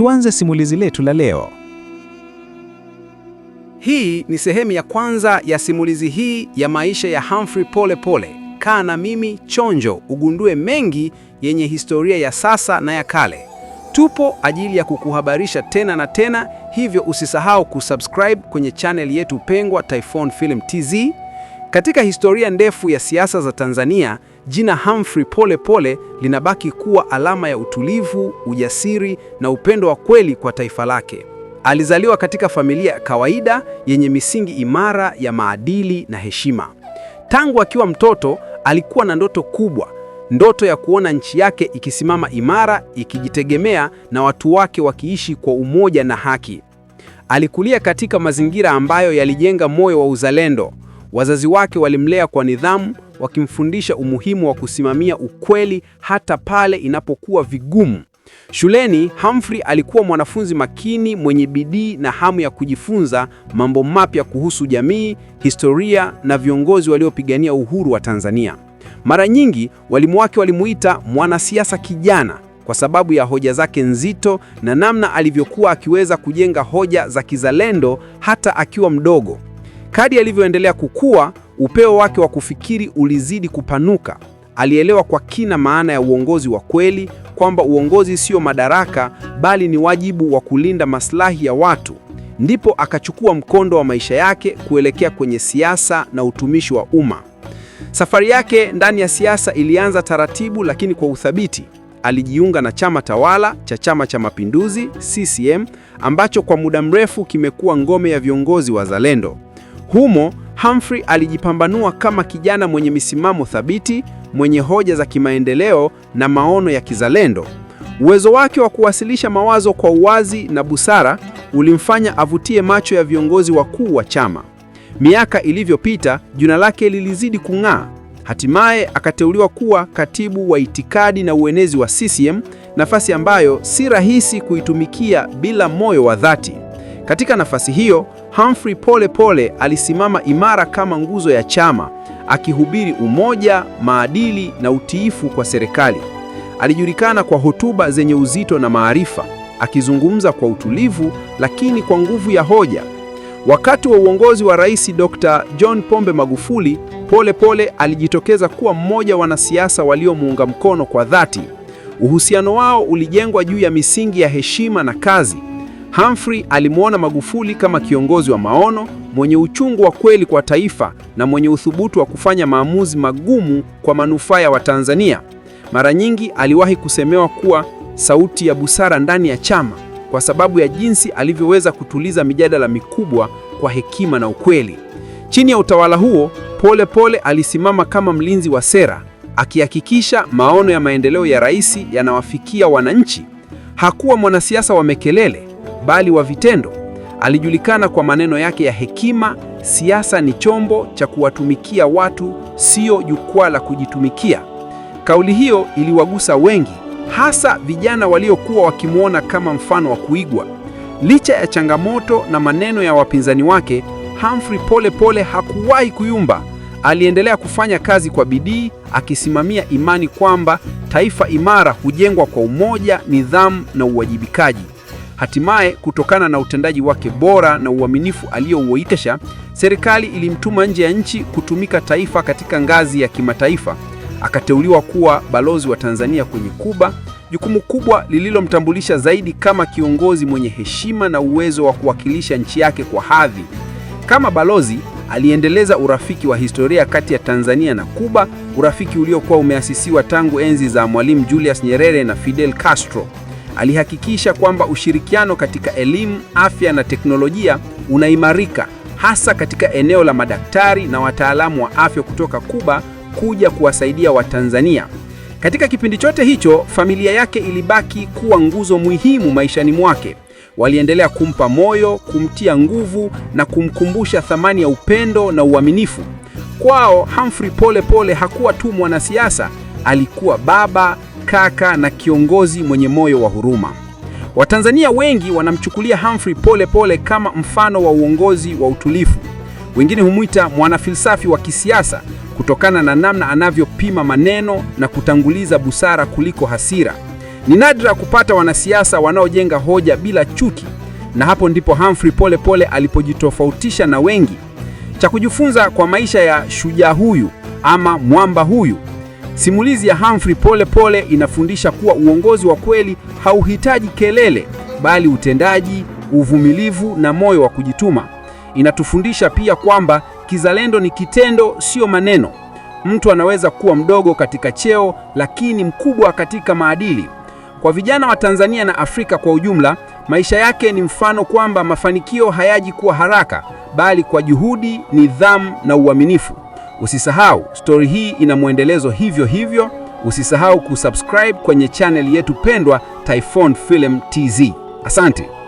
Tuanze simulizi letu la leo. Hii ni sehemu ya kwanza ya simulizi hii ya maisha ya Humphrey Pole Pole. Kaa na mimi chonjo, ugundue mengi yenye historia ya sasa na ya kale. Tupo ajili ya kukuhabarisha tena na tena, hivyo usisahau kusubscribe kwenye channel yetu pengwa Typhoon Film TZ. Katika historia ndefu ya siasa za Tanzania jina Humphrey Pole Pole linabaki kuwa alama ya utulivu, ujasiri na upendo wa kweli kwa taifa lake. Alizaliwa katika familia ya kawaida yenye misingi imara ya maadili na heshima. Tangu akiwa mtoto alikuwa na ndoto kubwa, ndoto ya kuona nchi yake ikisimama imara, ikijitegemea na watu wake wakiishi kwa umoja na haki. Alikulia katika mazingira ambayo yalijenga moyo wa uzalendo. Wazazi wake walimlea kwa nidhamu, wakimfundisha umuhimu wa kusimamia ukweli hata pale inapokuwa vigumu. Shuleni, Humphrey alikuwa mwanafunzi makini, mwenye bidii na hamu ya kujifunza mambo mapya kuhusu jamii, historia na viongozi waliopigania uhuru wa Tanzania. Mara nyingi walimu wake walimuita mwanasiasa kijana kwa sababu ya hoja zake nzito na namna alivyokuwa akiweza kujenga hoja za kizalendo hata akiwa mdogo kadi alivyoendelea kukua, upeo wake wa kufikiri ulizidi kupanuka. Alielewa kwa kina maana ya uongozi wa kweli, kwamba uongozi sio madaraka, bali ni wajibu wa kulinda maslahi ya watu. Ndipo akachukua mkondo wa maisha yake kuelekea kwenye siasa na utumishi wa umma. Safari yake ndani ya siasa ilianza taratibu, lakini kwa uthabiti. Alijiunga na chama tawala cha Chama cha Mapinduzi, CCM, ambacho kwa muda mrefu kimekuwa ngome ya viongozi wazalendo. Humo Humphrey alijipambanua kama kijana mwenye misimamo thabiti, mwenye hoja za kimaendeleo na maono ya kizalendo. Uwezo wake wa kuwasilisha mawazo kwa uwazi na busara ulimfanya avutie macho ya viongozi wakuu wa chama. Miaka ilivyopita, jina lake lilizidi kung'aa. Hatimaye akateuliwa kuwa katibu wa itikadi na uenezi wa CCM, nafasi ambayo si rahisi kuitumikia bila moyo wa dhati. Katika nafasi hiyo, Humphrey Pole Pole alisimama imara kama nguzo ya chama, akihubiri umoja, maadili na utiifu kwa serikali. Alijulikana kwa hotuba zenye uzito na maarifa, akizungumza kwa utulivu lakini kwa nguvu ya hoja. Wakati wa uongozi wa Rais Dr. John Pombe Magufuli, Pole Pole alijitokeza kuwa mmoja wa wanasiasa waliomuunga mkono kwa dhati. Uhusiano wao ulijengwa juu ya misingi ya heshima na kazi. Humphrey alimwona Magufuli kama kiongozi wa maono, mwenye uchungu wa kweli kwa taifa na mwenye uthubutu wa kufanya maamuzi magumu kwa manufaa ya Watanzania. Mara nyingi aliwahi kusemewa kuwa sauti ya busara ndani ya chama kwa sababu ya jinsi alivyoweza kutuliza mijadala mikubwa kwa hekima na ukweli. Chini ya utawala huo, Pole Pole alisimama kama mlinzi wa sera, akihakikisha maono ya maendeleo ya rais yanawafikia wananchi. Hakuwa mwanasiasa wa mekelele, bali wa vitendo. Alijulikana kwa maneno yake ya hekima: siasa ni chombo cha kuwatumikia watu, sio jukwaa la kujitumikia. Kauli hiyo iliwagusa wengi, hasa vijana waliokuwa wakimwona kama mfano wa kuigwa. Licha ya changamoto na maneno ya wapinzani wake, Humphrey pole pole hakuwahi kuyumba. Aliendelea kufanya kazi kwa bidii, akisimamia imani kwamba taifa imara hujengwa kwa umoja, nidhamu na uwajibikaji. Hatimaye, kutokana na utendaji wake bora na uaminifu aliyouoitesha, serikali ilimtuma nje ya nchi kutumika taifa katika ngazi ya kimataifa. Akateuliwa kuwa balozi wa Tanzania kwenye Kuba, jukumu kubwa lililomtambulisha zaidi kama kiongozi mwenye heshima na uwezo wa kuwakilisha nchi yake kwa hadhi. Kama balozi aliendeleza urafiki wa historia kati ya Tanzania na Kuba, urafiki uliokuwa umeasisiwa tangu enzi za Mwalimu Julius Nyerere na Fidel Castro. Alihakikisha kwamba ushirikiano katika elimu, afya na teknolojia unaimarika hasa katika eneo la madaktari na wataalamu wa afya kutoka Kuba kuja kuwasaidia Watanzania. Katika kipindi chote hicho, familia yake ilibaki kuwa nguzo muhimu maishani mwake. Waliendelea kumpa moyo, kumtia nguvu na kumkumbusha thamani ya upendo na uaminifu. Kwao Humphrey Pole Pole hakuwa tu mwanasiasa, alikuwa baba kaka na kiongozi mwenye moyo wa huruma. Watanzania wengi wanamchukulia Humphrey Pole Pole kama mfano wa uongozi wa utulifu Wengine humwita mwanafilsafi wa kisiasa kutokana na namna anavyopima maneno na kutanguliza busara kuliko hasira. Ni nadra kupata wanasiasa wanaojenga hoja bila chuki, na hapo ndipo Humphrey Pole Pole alipojitofautisha na wengi. Cha kujifunza kwa maisha ya shujaa huyu ama mwamba huyu Simulizi ya Humphrey Pole Pole inafundisha kuwa uongozi wa kweli hauhitaji kelele, bali utendaji, uvumilivu na moyo wa kujituma. Inatufundisha pia kwamba kizalendo ni kitendo, siyo maneno. Mtu anaweza kuwa mdogo katika cheo, lakini mkubwa katika maadili. Kwa vijana wa Tanzania na Afrika kwa ujumla, maisha yake ni mfano kwamba mafanikio hayaji kwa haraka, bali kwa juhudi, nidhamu na uaminifu. Usisahau, stori hii ina mwendelezo hivyo hivyo. Usisahau kusubscribe kwenye channel yetu pendwa Typhoon Film TZ. Asante.